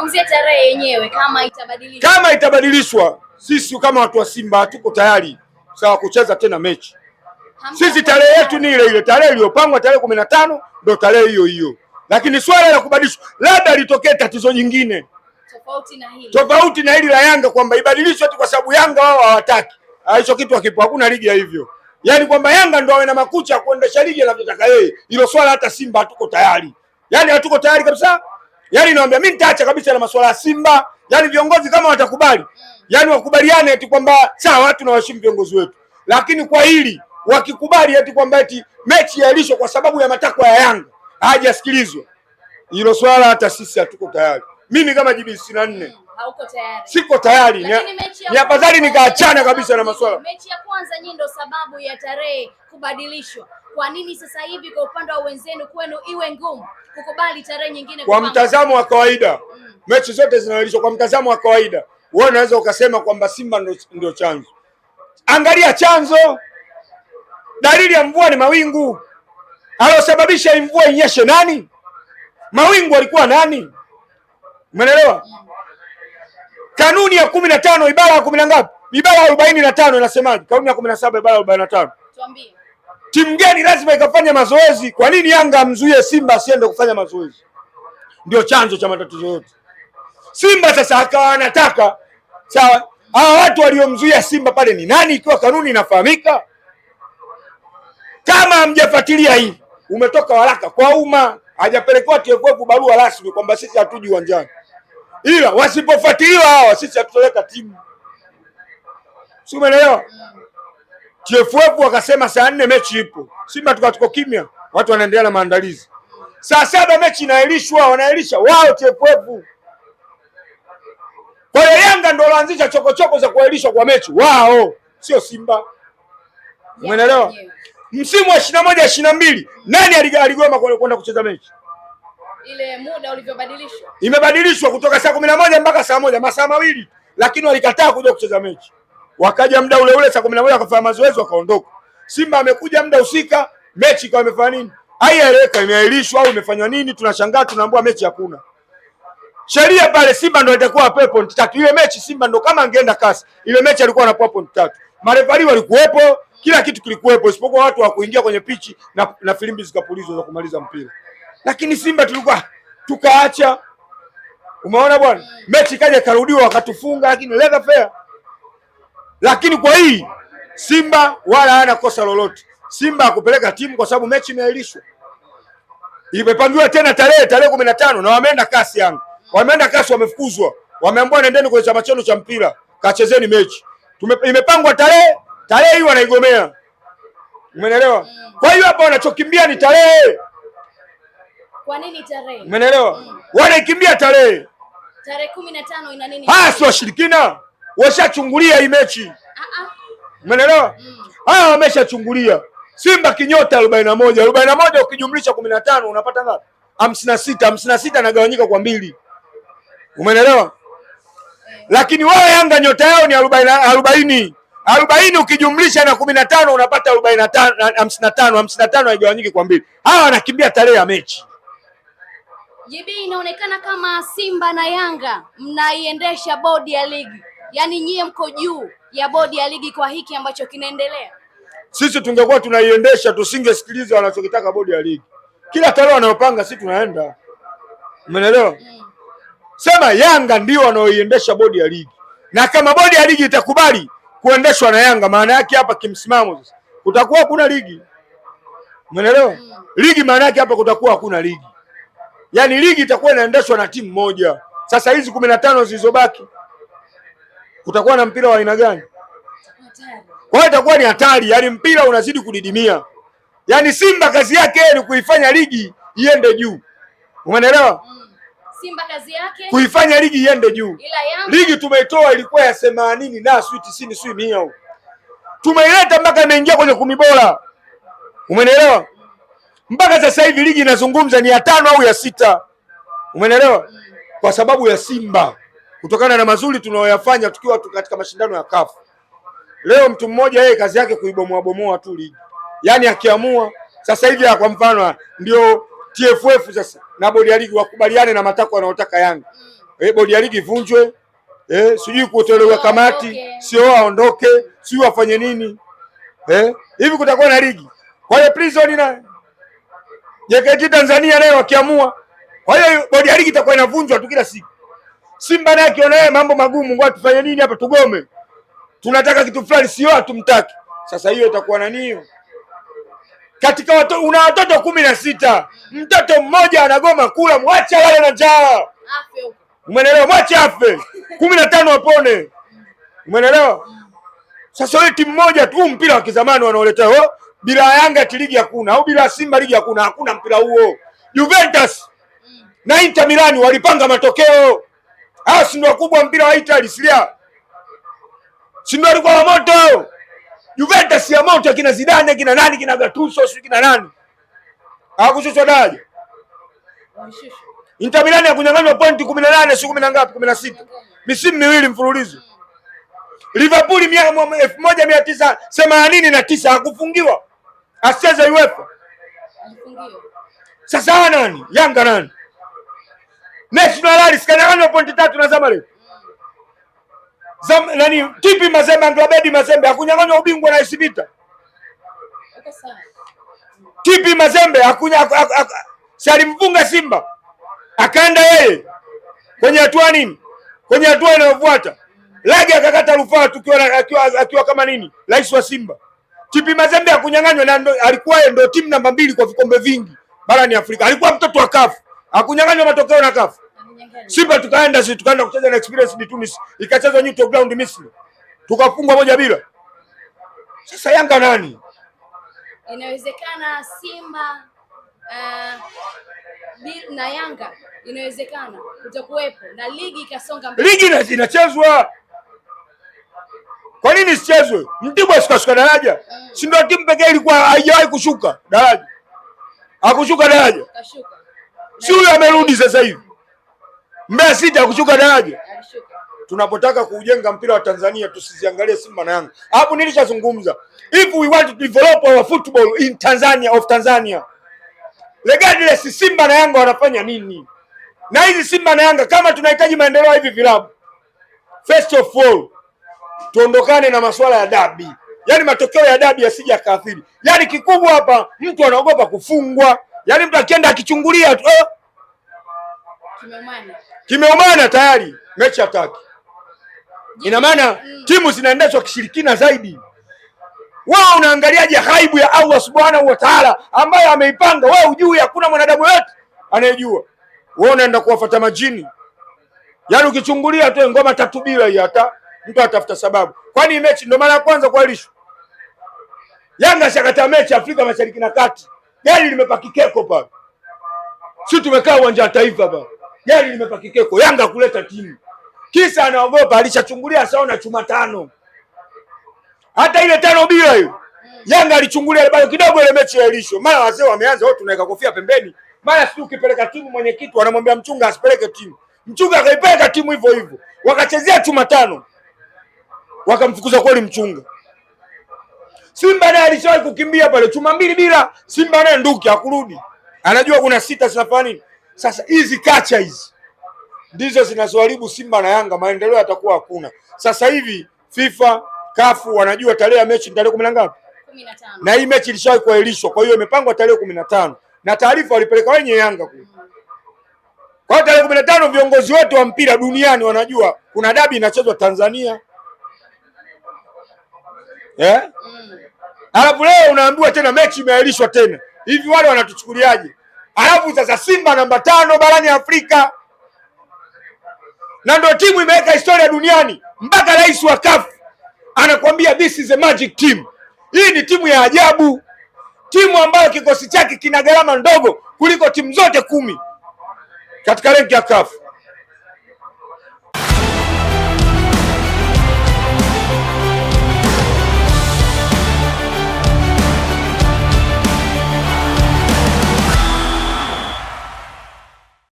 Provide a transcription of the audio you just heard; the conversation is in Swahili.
Tukizungumzia tarehe yenyewe kama itabadilishwa, kama itabadilishwa, sisi kama watu wa Simba hatuko tayari sawa kucheza tena mechi. Sisi tarehe yetu ni ile ile, tarehe iliyopangwa tarehe kumi na tano ndio tarehe hiyo hiyo, lakini swala la kubadilishwa, labda litokee tatizo jingine tofauti na hili, tofauti na hili la Yanga kwamba ibadilishwe tu kwa sababu Yanga wao hawataki ah, hicho kitu, hakipo. Hakuna ligi ya hivyo, yaani kwamba Yanga ndio awe na makucha ya kuendesha ligi anavyotaka yeye. Hilo swala hata Simba hatuko tayari, yaani hatuko tayari kabisa yani naomba mimi nitaacha kabisa na masuala ya Simba, yani viongozi kama watakubali, yani wakubaliane eti kwamba sawa, tunawaheshimu viongozi wetu, lakini kwa hili wakikubali eti kwamba eti mechi iahirishwe kwa sababu ya matakwa ya Yanga hajasikilizwa, hilo swala hata sisi hatuko tayari. Mimi kama JB sitini na nne mm, hauko tayari, siko tayari, ni afadhali nikaachana kabisa na masuala. Mechi ya kwanza nyi ndo sababu ya tarehe kubadilishwa. Kwa nini sasa hivi kwa upande wa wenzenu kwenu iwe ngumu kukubali tarehe nyingine? Kwa mtazamo wa kawaida mm. mechi zote zinaahirishwa. Kwa mtazamo wa kawaida, wewe unaweza ukasema kwamba Simba ndio chanzo. Angalia chanzo, dalili ya mvua ni mawingu. aliosababisha mvua inyeshe nani? Mawingu alikuwa nani? Umeelewa? Kanuni ya kumi na tano ibara ya kumi na ngapi? Ibara ya arobaini na tano inasemaje? Kanuni ya kumi na saba ibara ya arobaini na tano tuambie Timu gani lazima ikafanya mazoezi? Kwa nini Yanga amzuie Simba asiende kufanya mazoezi? Ndio chanzo cha matatizo yote. Simba sasa akawa anataka sawa, hawa watu waliomzuia Simba pale ni nani? Ikiwa kanuni inafahamika, kama hamjafuatilia hivi, umetoka waraka kwa umma, hajapelekewa TFF barua rasmi kwamba sisi hatuji uwanjani, ila wasipofuatiliwa hawa sisi hatutoleka timu, si umeelewa? TFF wakasema saa nne mechi ipo. Simba tuko kimya, watu wanaendelea na maandalizi. Saa saba mechi inaahirishwa, wanaahirisha wao TFF. Kwa hiyo Yanga ndio wanaanzisha chokochoko za kuahirishwa kwa mechi wao, sio Simba. Umeelewa? Msimu wa ishirini na moja ishirini na mbili nani aligoma kwenda kucheza mechi? Ile muda ulivyobadilishwa imebadilishwa kutoka saa kumi na moja mpaka saa moja masaa mawili, lakini walikataa kuja kucheza mechi wakaja muda ule ule saa kumi na moja wakafanya mazoezi wakaondoka. Simba amekuja muda husika, mechi ikawa imefanya nini? Haieleweka, imeahirishwa au imefanywa nini? Tunashangaa, tunaambua mechi hakuna. Sheria pale Simba ndo itakuwa pepo pointi tatu. Ile mechi Simba ndo kama angeenda kasi, ile mechi alikuwa anapewa pointi tatu. Marefari walikuwepo, kila kitu kilikuwepo isipokuwa watu wa kwenye pichi na, na filimbi zikapulizwa za kumaliza mpira. Lakini Simba tulikuwa tukaacha. Umeona bwana? Mechi kaja ikarudiwa, wakatufunga lakini leva fair lakini kwa hii Simba wala hana kosa lolote. Simba akupeleka timu kwa sababu mechi imeahirishwa, imepangiwa tena tarehe tarehe kumi na tano na wameenda kasi yangu, wameenda kasi, wamefukuzwa, wameambiwa nendeni kwenye chama chenu cha mpira kachezeni mechi. Imepangwa tarehe, tarehe hii wanaigomea, umeelewa? Kwa hiyo hapa wanachokimbia ni tarehe. Kwa nini tarehe? Umeelewa? Mm. Wanaikimbia tarehe, tarehe kumi na tano ina nini? Haya si washirikina washachungulia hii mechi, umeelewa? Haya, wameshachungulia Simba kinyota arobaini na moja arobaini na moja ukijumlisha kumi na tano unapata ngapi? hamsini na sita hamsini na sita nagawanyika kwa mbili, umeelewa? Lakini wao Yanga nyota yao ni arobaini arobaini ukijumlisha na kumi na tano unapata arobaini na tano hamsini na tano hamsini na tano haigawanyiki kwa mbili. Hawa wanakimbia tarehe ya mechi. JB, inaonekana kama Simba na Yanga mnaiendesha bodi ya ligi Yaani nyie mko juu ya bodi ya ligi kwa hiki ambacho kinaendelea. Sisi tungekuwa tunaiendesha tusingesikiliza wanachokitaka bodi ya ligi. Kila tarehe wanayopanga sisi tunaenda. Umeelewa? Mm. Sema Yanga ndio wanaoiendesha bodi ya ligi, na kama bodi ya ligi itakubali kuendeshwa na Yanga, maana yake hapa kimsimamo sasa kutakuwa hakuna ligi. Umeelewa? Mm. Ligi maana yake hapa kutakuwa hakuna ligi, yaani ligi itakuwa inaendeshwa na timu moja. Sasa hizi kumi na tano zilizobaki kutakuwa na mpira wa aina gani? Kwa hiyo itakuwa ni hatari, yaani mpira unazidi kudidimia. Yaani Simba kazi yake ni kuifanya ligi iende juu, umeelewa? Simba kazi yake kuifanya ligi iende juu. Ligi tumeitoa ilikuwa ya themanini na sui tisini sui mia, tumeileta mpaka imeingia kwenye kumi bora, umeelewa? Mpaka sasa hivi ligi inazungumza ni ya tano au ya sita, umeelewa? Kwa sababu ya Simba kutokana na mazuri tunayoyafanya tukiwa katika mashindano ya kafu. Leo mtu mmoja yeye kazi yake kuibomoa bomoa tu ligi, yaani akiamua sasa hivi kwa mfano ndio TFF sasa na bodi ya ligi wakubaliane na matakwa yanayotaka Yanga mm. eh, bodi ya ligi ivunjwe eh, sijui kutolewa kamati, sio aondoke, sio afanye nini eh, hivi kutakuwa na ligi. Kwa hiyo prison na JKT Tanzania nayo wakiamua, kwa hiyo bodi ya ligi itakuwa inavunjwa tu kila siku. Simba naye akiona yeye mambo magumu, ngoja tufanye nini hapa, tugome, tunataka kitu fulani, sio hatumtaki. Sasa hiyo itakuwa nani? Katika watu, una watoto kumi na sita, mtoto mmoja anagoma kula, mwache wale na njaa, umeelewa? Mwache afe, kumi na tano wapone, umeelewa? Sasa wewe timu moja tu, mpira wa kizamani wanaoleta wanaoletea bila Yanga ti ligi hakuna, au bila Simba ligi hakuna, hakuna mpira huo. Juventus na Inter Milan walipanga matokeo hao ah, si ndio wakubwa mpira wa Italy silia. A? Si ndio walikuwa wa moto? Juventus ya moto kina Zidane, kina nani, kina Gattuso, si kina nani? Hawakushushwa daraja. Inter Milan ya kunyang'anywa pointi 18 si 10 na ngapi? 16. Misimu miwili mfululizo. Liverpool elfu moja mia tisa themanini na tisa hakufungiwa. Asicheza UEFA. Sasa nani? Yanga nani? National Rally sikanyang'anywa pointi tatu na Zamalek. Zam, nani Tipi Mazembe Ndwabedi Mazembe hakunyang'anywa ubingwa na AS Vita. Tipi Mazembe hakunya salimfunga Simba akaenda yeye kwenye hatua nini, kwenye hatua inayofuata Lagi akakata rufaa tukiwa akiwa, akiwa kama nini rais wa Simba. Tipi Mazembe hakunyang'anywa na alikuwa yeye ndio timu namba mbili kwa vikombe vingi barani Afrika, alikuwa mtoto wa kafu Hakunyang'anywa matokeo na kafu. Simba tukaenda sisi tukaenda kucheza na Experience ni Tunis, ikachezwa neutral ground Misri. Tukafungwa moja bila. Sasa Yanga nani? Inawezekana Simba uh, na Yanga inawezekana kutakuwepo na ligi ikasonga mbele. Ligi inachezwa. Kwa nini sichezwe? Mtibwa sikashuka daraja. Mm. Si ndio timu pekee ilikuwa haijawahi kushuka daraja. akushuka daraja. Kashuka si huyo amerudi sasa hivi Mbeya City hakushuka daraja. Tunapotaka kuujenga mpira wa Tanzania tusiziangalie Simba na Yanga. Hapo nilishazungumza. If we want to develop our football in Tanzania of Tanzania. Regardless Simba na Yanga wanafanya nini? Na hizi Simba na Yanga kama tunahitaji maendeleo hivi vilabu. First of all, tuondokane na masuala ya dabi. Yaani matokeo ya dabi yasije kaathiri Yaani kikubwa hapa mtu anaogopa kufungwa yaani mtu akienda akichungulia tu eh, kimeumana kimeumana tayari mechi hataki. Ina maana mm. timu zinaendeshwa kishirikina zaidi. Wewe unaangaliaje haibu ya Allah subhanahu wa taala ambayo ameipanga? Wewe ujui, hakuna mwanadamu yote anayejua. Wewe unaenda kuwafata majini, yaani ukichungulia tu ngoma tatu bila hii, hata mtu atafuta sababu. Kwani mechi ndio mara ya kwanza kuahirishwa? Yanga shakata mechi Afrika Mashariki na Kati gari limepaki keko pale, si tumekaa uwanja wa Taifa pale, gari limepaki keko. Yanga kuleta timu kisa anaogopa, alishachungulia saona chuma tano, hata ile tano bila hiyo Yanga alichungulia bado kidogo, ile mechi ya Elisho, mara wazee wameanza wao, tunaweka kofia pembeni, mara si ukipeleka timu mwenyekiti wanamwambia mchunga asipeleke timu, mchunga akaipeleka timu hivyo hivyo, wakachezea chuma tano, wakamfukuza kweli mchunga. Simba naye alishawahi kukimbia pale chuma mbili bila. Simba naye nduki akurudi anajua kuna sita safari. Sasa hizi kacha hizi ndizo zinazoharibu Simba na Yanga, maendeleo yatakuwa hakuna. Sasa hivi FIFA kafu wanajua tarehe ya mechi tarehe kumi na ngapi? na hii mechi ilishawahi kuahirishwa, kwa hiyo imepangwa tarehe kumi na tano na taarifa walipeleka wenye Yanga kule. Kwa hiyo tarehe kumi na tano viongozi wote wa mpira duniani wanajua kuna dabi inachezwa Tanzania, eh? Alafu leo unaambiwa tena mechi imeahirishwa tena, hivi wale wanatuchukuliaje? Alafu sasa Simba namba tano barani Afrika na ndio timu imeweka historia duniani, mpaka rais wa CAF anakuambia this is a magic team. Hii ni timu ya ajabu, timu ambayo kikosi chake kina gharama ndogo kuliko timu zote kumi katika renki ya kafu.